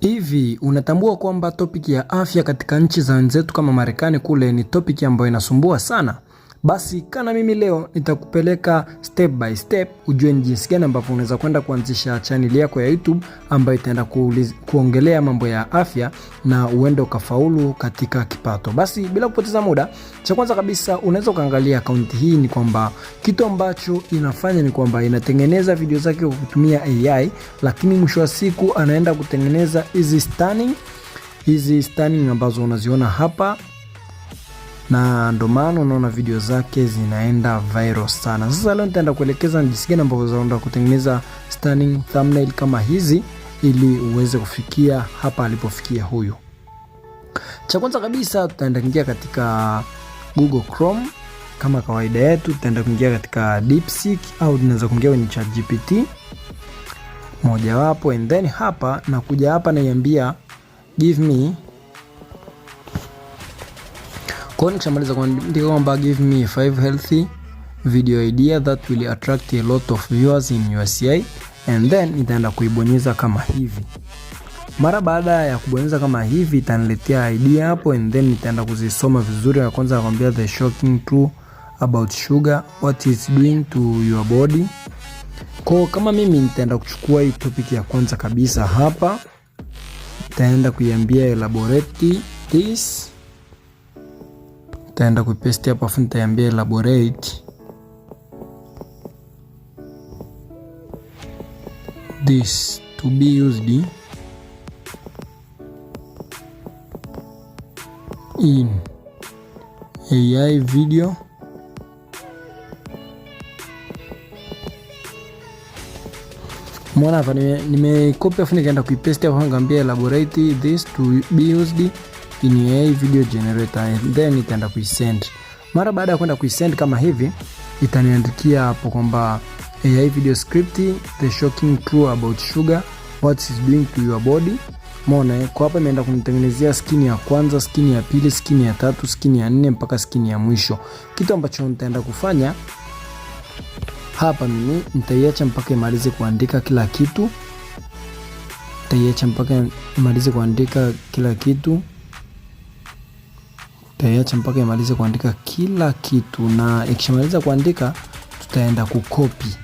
Hivi unatambua kwamba topiki ya afya katika nchi za wenzetu kama Marekani kule ni topiki ambayo inasumbua sana? Basi kana mimi leo nitakupeleka step by step ujue ni jinsi gani ambavyo unaweza kwenda kuanzisha chaneli yako ya YouTube ambayo itaenda kuongelea mambo ya afya na uende ukafaulu katika kipato. Basi bila kupoteza muda, cha kwanza kabisa unaweza ukaangalia akaunti hii, ni kwamba kitu ambacho inafanya ni kwamba inatengeneza video zake kwa kutumia AI, lakini mwisho wa siku anaenda kutengeneza hizi stunning hizi stunning ambazo unaziona hapa na ndo maana unaona video zake zinaenda viral sana. Sasa leo nitaenda kuelekeza jinsi gani ambavyo zaenda kutengeneza stunning thumbnail kama hizi ili uweze kufikia hapa alipofikia huyu. Cha kwanza kabisa tutaenda kuingia katika Google Chrome kama kawaida yetu, tutaenda kuingia katika DeepSeek au tunaweza kuingia kwenye ChatGPT mojawapo, and then hapa nakuja hapa naiambia give me kwa hiyo nikishamaliza kuandika kwamba give me five healthy video idea that will attract a lot of viewers in USCA and then nitaenda kuibonyeza kama hivi. Mara baada ya kubonyeza kama hivi itaniletea idea hapo and then nitaenda kuzisoma vizuri. Ya kwanza nakwambia the shocking truth about sugar what it's doing to your body. Kwa kama mimi nitaenda kuchukua hii topic ya kwanza kabisa hapa, nitaenda kuiambia elaborate this nitaenda kupaste hapa afu nitaambia elaborate this to be used in AI video mwana hapa nimekopi afu nikaenda kuipaste hapa, nikaambia elaborate this to be used in a video generator and then itaenda kuisend. Mara baada ya kwenda kuisend kama hivi, itaniandikia hapo kwamba AI video script the shocking true about sugar what is doing to your body. Mona eh? kwa hapa imeenda kunitengenezea skini ya kwanza, skini ya pili, skini ya tatu, skini ya nne mpaka skini ya mwisho. Kitu ambacho nitaenda kufanya hapa mimi nitaiacha mpaka imalize kuandika kila kitu, nitaiacha mpaka imalize kuandika kila kitu. Tutaiacha mpaka imalize kuandika kila kitu, na ikishamaliza kuandika tutaenda kukopi.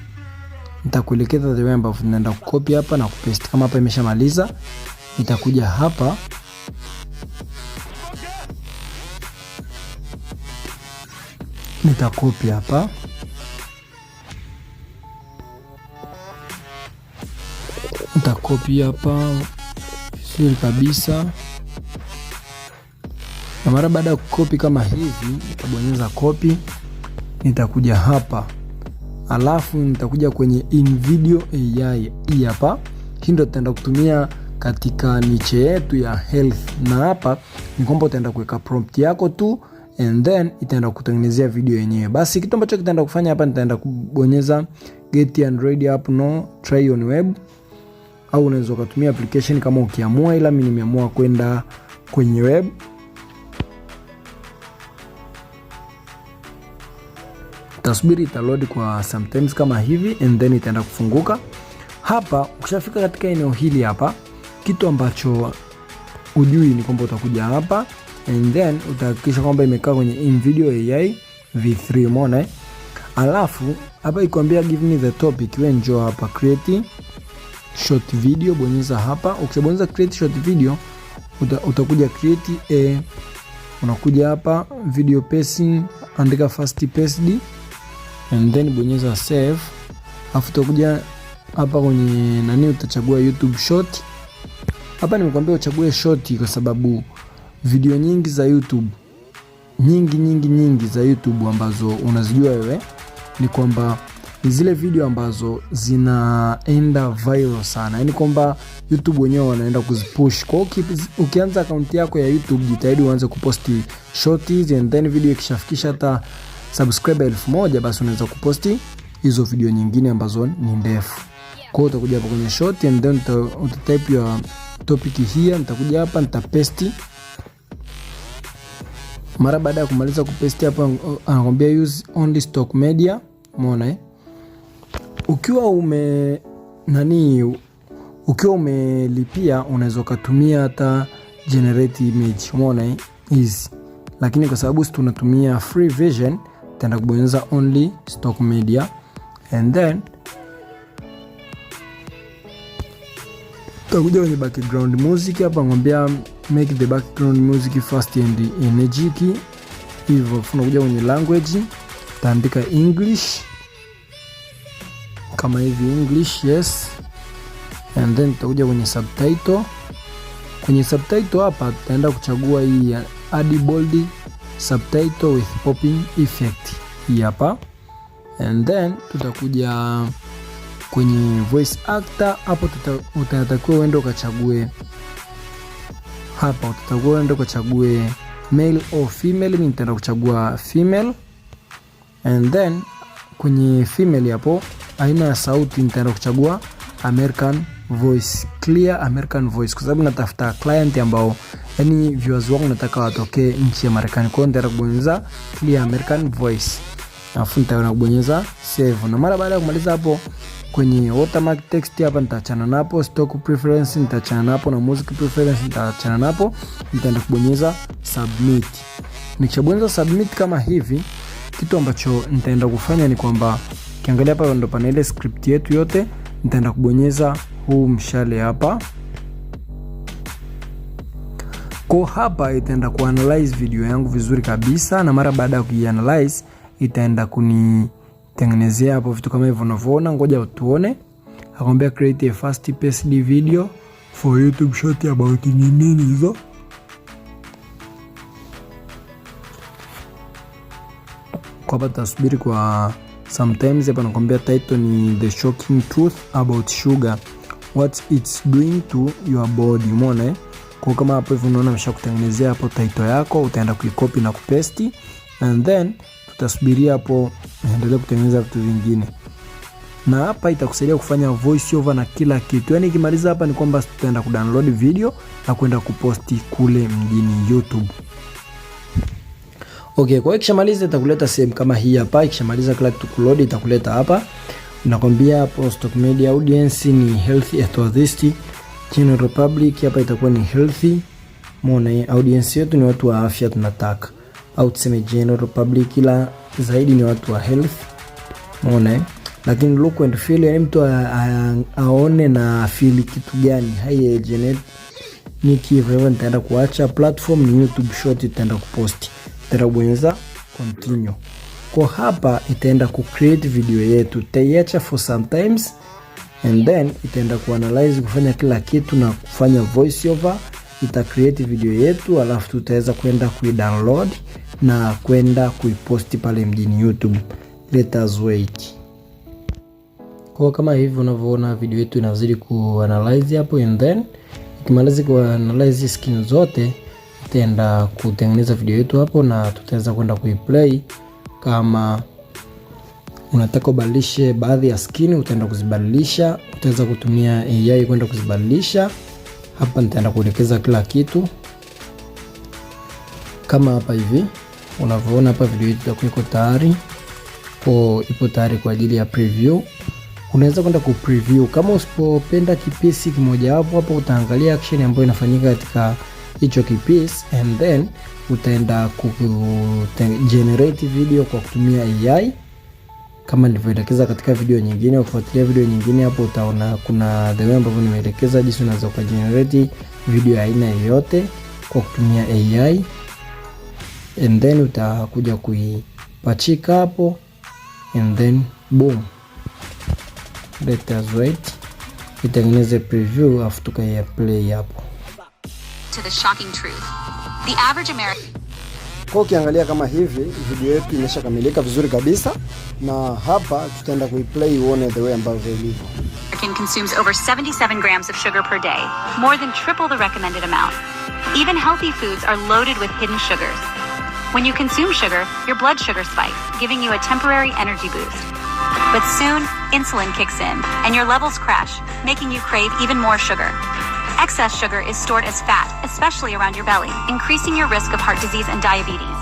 Nitakuelekeza the way ambavyo tunaenda kukopi hapa na kupaste. Kama hapa imeshamaliza, nitakuja hapa nitakopi hapa nitakopi hapa vizuri kabisa na mara baada ya kukopi kama hivi, nitabonyeza copy, nitakuja hapa alafu nitakuja kwenye InVideo AI. Hii hapa, hii ndio tutaenda kutumia katika niche yetu ya health, na hapa ni kwamba utaenda kuweka prompt yako tu and then itaenda kutengenezea video yenyewe. Basi kitu ambacho kitaenda kufanya hapa, nitaenda kubonyeza get android app no try on web, au unaweza ukatumia application kama ukiamua, ila mimi nimeamua kwenda kwenye web. utasubiri itaload kwa sometimes kama hivi and then itaenda kufunguka. Hapa ukishafika katika eneo hili hapa, kitu ambacho ujui ni kwamba utakuja hapa and then utahakikisha kwamba imekaa kwenye video AI V3, mona eh? Alafu hapa ikuambia give me the topic, we njoo hapa create short video, bonyeza hapa. Ukishabonyeza create short video uta, utakuja create a, unakuja hapa video pacing, andika fast pasd and then bonyeza save, afu utakuja hapa kwenye nani, utachagua YouTube short. Hapa nimekwambia uchague short kwa sababu video nyingi za YouTube nyingi nyingi nyingi za YouTube ambazo unazijua wewe ni kwamba ni zile video ambazo zinaenda viral sana, yani kwamba YouTube wenyewe wanaenda kuzipush. Kwa hiyo ukianza akaunti yako ya YouTube, jitahidi uanze kuposti shorts and then video ikishafikisha hata subscribe elfu moja basi unaweza kuposti hizo video nyingine ambazo ni ndefu. Kwa hiyo utakuja hapa kwenye short and then utatype type your topic here, nitakuja hapa nitapesti. Mara baada ya kumaliza kupesti hapa, uh, anakwambia use only stock media. Umeona eh? Ukiwa ume nani, ukiwa umelipia unaweza ukatumia hata generate image. Umeona eh? Easy. Lakini kwa sababu si tunatumia free vision tenda kubonyeza only stock media and then tutakuja kwenye background music hapa, ngombea make the background music fast and energetic. Hivyo tunakuja kwenye language, taandika English kama hivi, English yes, and then tutakuja kwenye subtitle. Kwenye subtitle hapa tutaenda kuchagua hii add bold subtitle with popping effect hii hapa, and then tutakuja kwenye voice actor. Hapo utatakiwa uende ukachague hapa, utatakiwa uende ukachague male or female. Mimi nitaenda kuchagua female, and then kwenye female hapo aina ya sauti nitaenda kuchagua American Voice, Clear American Voice, kwa sababu natafuta client ambao yani viewers wangu nataka watokee nchi ya Marekani. Kwa hiyo nitaenda kubonyeza Clear American Voice alafu nitaenda kubonyeza save, na mara baada ya kumaliza hapo kwenye watermark text hapa nitachana napo, stock preference nitachana napo, na music preference nitachana napo. Nitaenda kubonyeza submit. Nikishabonyeza submit kama hivi, kitu ambacho nitaenda kufanya ni kwamba kiangalia hapa, ndo pana ile script yetu yote nitaenda kubonyeza huu mshale hapa ko hapa itaenda kuanalyze video yangu vizuri kabisa, na mara baada ya kuianalyze itaenda kunitengenezea hapo vitu kama hivyo unavyoona. Ngoja tuone, akwambia create a fast psd video for youtube short about nini hizo. Kwa hapa tutasubiri kwa sometimes hapa nakwambia title ni the shocking truth about sugar what it's doing to your body umeona eh? kwa kama hapo hivi unaona ameshakutengenezea hapo title yako utaenda kuikopi na kupesti and then tutasubiria hapo endelee kutengeneza vitu vingine na hapa itakusaidia kufanya voice over na kila kitu. yaani ikimaliza hapa ni kwamba tutaenda kudownload video na kwenda kuposti kule mjini YouTube. Okay, kwa hiyo kishamaliza itakuleta sehemu kama hii hapa. Ikishamaliza kila kitu kuload itakuleta hapa. Nakwambia Stock Media Audience ni healthy enthusiast. General public hapa itakuwa ni healthy. Muone audience yetu ni watu wa afya tunataka. Au tuseme general public ila zaidi ni watu wa health. Muone. Lakini look and feel yani mtu aone na feel kitu gani. Hai agent. Niki hivyo nitaenda kuacha platform ni YouTube short itaenda kuposti tera bonyeza continue. Kwa hapa itaenda ku create video yetu, taiacha for sometimes and then itaenda ku analyze kufanya kila kitu na kufanya voice over, ita create video yetu, alafu tutaweza kwenda download na kwenda kuiposti pale mjini YouTube. Let us wait. Kwa kama hivi unavyoona video yetu inazidi analyze hapo, and then ikimaliza analyze skin zote tutaenda kutengeneza video yetu hapo na tutaweza kwenda kuiplay. Kama unataka ubadilishe baadhi ya skin, utaenda kuzibadilisha, utaweza kutumia AI kwenda kuzibadilisha. Hapa nitaenda kuelekeza kila kitu kama hapa hivi unavyoona hapa, video yetu itakuwa iko tayari kwa ipo tayari kwa ajili ya preview. Unaweza kwenda ku preview kama usipopenda kipisi kimoja wapo hapo, utaangalia action ambayo inafanyika katika hicho kipis and then utaenda kugenerate video kwa kutumia AI kama nilivyoelekeza katika video nyingine. Ukifuatilia video nyingine hapo, utaona kuna the way ambavyo nimeelekeza jinsi unaweza ukagenerate video ya aina yoyote kwa kutumia AI and then utakuja kuipachika hapo and then boom, let us wait itengeneze preview afu tukaiya play hapo. to the shocking truth. The average American kwa ukiangalia kama hivi video yetu imeshakamilika vizuri kabisa, na hapa tutaenda kuiplay uone the way ambavyo ilivyo. American consumes over 77 grams of sugar per day, more than triple the recommended amount. Even healthy foods are loaded with hidden sugars. When you consume sugar, your blood sugar spikes, giving you a temporary energy boost. But soon, insulin kicks in, and your levels crash, making you crave even more sugar. Excess sugar is stored as fat, especially around your belly, increasing your risk of heart disease and diabetes.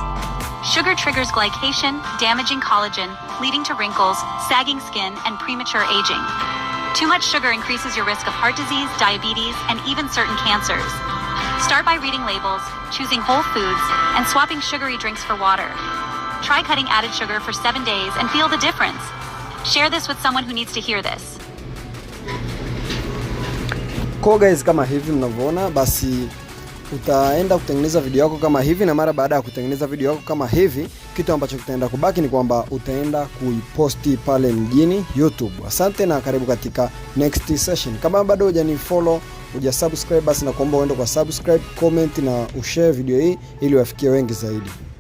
Sugar triggers glycation, damaging collagen, leading to wrinkles, sagging skin, and premature aging. Too much sugar increases your risk of heart disease, diabetes, and even certain cancers. Start by reading labels, choosing whole foods, and swapping sugary drinks for water. Try cutting added sugar for seven days and feel the difference. Share this with someone who needs to hear this. ko guys, kama hivi mnavyoona, basi utaenda kutengeneza video yako kama hivi, na mara baada ya kutengeneza video yako kama hivi, kitu ambacho kitaenda kubaki ni kwamba utaenda kuiposti pale mjini YouTube. Asante na karibu katika next session. Kama bado hujanifollow hujasubscribe, basi nakuomba uende kwa subscribe, comment na ushare video hii ili wafikie wengi zaidi.